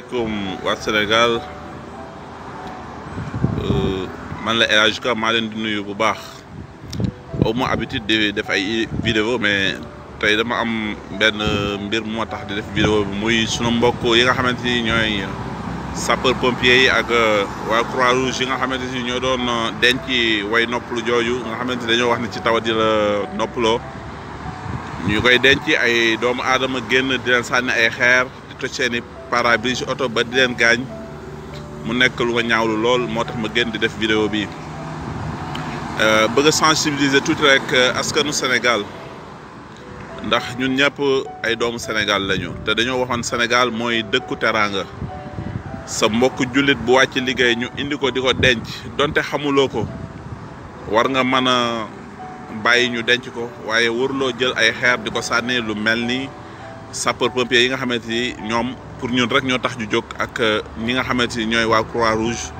asalaamaaleykum waa Sénégal euh, man la El Ka maa leen di nuyu bu baax aw ma habitude def ay vidéo mais tey dama am benn mbir moo tax di def vidéo bi muy sunu mbokk yi nga xamante ni ñooy sapeur pompier yi ak euh, waa croix rouge yi nga xamante ni ñoo doon euh, denc way nopplu jooju nga xamante ni dañoo wax ne ci tawat yi la noppaloo ñu koy denc ay doomu aadama génn di leen sànni ay xeer. toj seen i pare oto ba di leen gaañ mu nekk lu ma ñaawlu lool moo tax ma génn di def vidéo bi euh, bëgg a sensibiliser tuuti rek euh, askanu Sénégal ndax ñun ñëpp ay doomu Sénégal lañu te dañoo waxoon Sénégal mooy dëkku teraanga sa mbokk jullit bu wàcc liggéey ñu indi ko di ko denc donte xamuloo ko war nga mën a bàyyi ñu denc ko waaye waruloo jël ay xeer di ko sànni lu mel nii sapeur pompier yi nga xamanteni ñom pour ñun rek ñoo tax ñu jog ak euh, ñi nga xamanteni ñoy wa croix rouge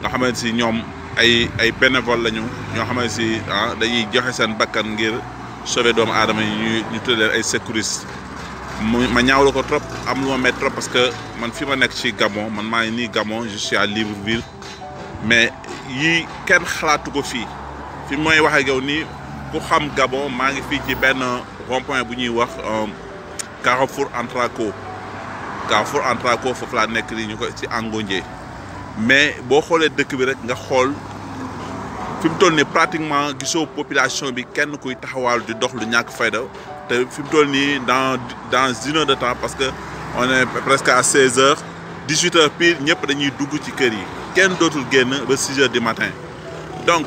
nga xamanteni ñom ay ay bénévole lañu ñoo xamanteni ni ah dañuy joxe seen bakkan ngir sauver doom aadama yi ñu ñu tuddee ay sécuriste ma ñaawlu ko trop am lu ma métti trop parce que man fi ma nekk ci Gabon man maa ngi nii Gabon je suis à Libreville mais yi kenn xalaatu ko fii fi mooy wax ak yow nii ku xam Gabon maa ngi fii ci benn rond-point bu ñuy wax. Euh, Carrefour Antraco Carrefour Antraco foofu laa nekk nii ñu ci Angondié mais si xolé dëkk bi rek nga xol fi mu pratiquement population bi kenn kuy taxawal du dox lu fayda té dans dans une heure de temps parce que on est presque à 16 heures 18 heures pile ñëpp dañuy dugg ci kër yi kenn dootul génn ba 6 heures du matin donc.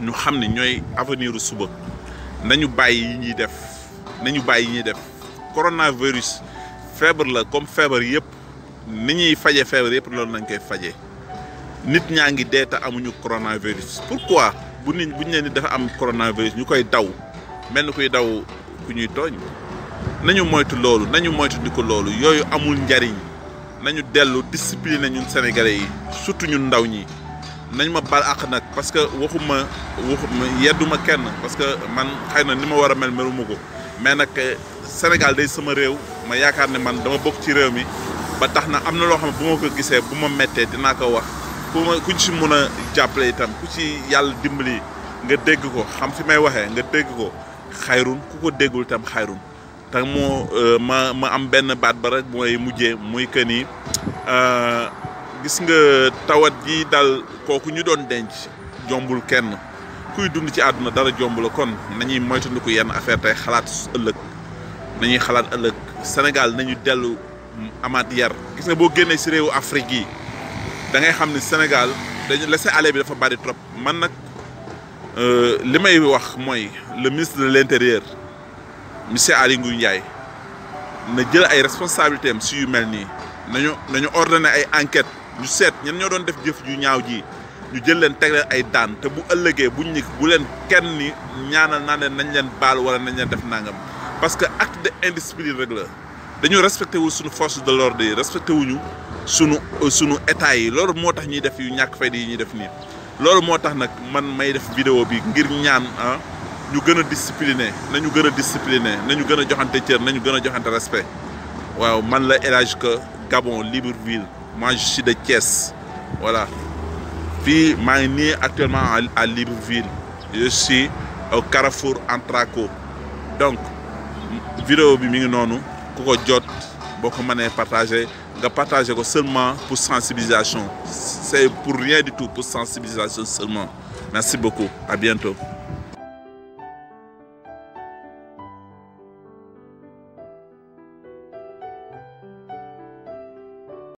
ñu xam ne ñooy avenir suba nañu bàyyi yi ñuy def nañu bàyyi yi ñuy def coronavirus feebar la comme feebar yëpp ni ñuy faje feebar yëpp loolu nañ koy faje nit ñaa ngi dee te amuñu coronavirus pourquoi bu nit bu ñu leen di dafa am coronavirus ñu koy daw mel ni kuy daw ku ñuy tooñ nañu moytu loolu nañu moytu di ko loolu yooyu amul njariñ nañu dellu discipline ñun sénégalais yi surtout ñun ndaw ñi nañ ma bal àq nag parce que waxuma waxuma yedduma kenn parce que man xëy na ni ma war a mel meluma ko mais nag eh, Sénégal day sama réew ma yaakaar ne man dama bokk ci réew mi ba tax na am na loo xam ne bu ma ko gisee bu ma méttee dina ko wax ku ma ku si mën a jàppale itam ku si yàlla dimbali nga dégg ko xam fi may waxee nga dégg ko xayrun ku ko déggul itam xayrun te moo eh, ma ma am benn baat ba rek mooy mujjee muy que ni. Euh, gis nga tawat gi dal kooku ñu doon denc jombul kenn kuy dund ci àdduna dara jomb kon nañuy moytandiku yenn affaire halat xalaat nanyi nañuy xalaat ëllëg sénégal nañu dellu amaat yar gis nga boo génnee si réewu afrique yi da ngay xam ni sénégal dañu laissé aller bi dafa bari trop man nag euh, li may wax mooy le ministre de l' intérieur monsieur ali nguy ndiaye na jël ay responsabilités am si yu mel nii nañu nañu ordonné ay ñu seet ñen ñoo doon def jëf ju ñaaw ji ñu jël leen teg ay daan te bu ëllëgee buñ ni bu leen kenn ni ñaanal naa leen nañ leen baal wala nañ leen def nangam parce que acte de indiscipline rek la dañu respecté wul suñu force de l'ordre yi respecté wuñu sunu sunu état yi loolu moo tax ñuy def yu ñàkk fayda yi ñuy def nii loolu moo tax nag man may def vidéo bi ngir ñaan ah ñu gën a discipliné nañu gën a discipliné nañu gën a joxante cër nañu gën a joxante respect waaw man la Elaj Ka Gabon Libreville Moi, je suis de Thiès. Voilà. Puis, je suis actuellement à, Libreville. Je suis au Carrefour Antraco. Donc, vidéo bi mi ngi noonu je ko jot seulement pour sensibilisation c'est pour rien du tout pour sensibilisation seulement merci beaucoup à bientôt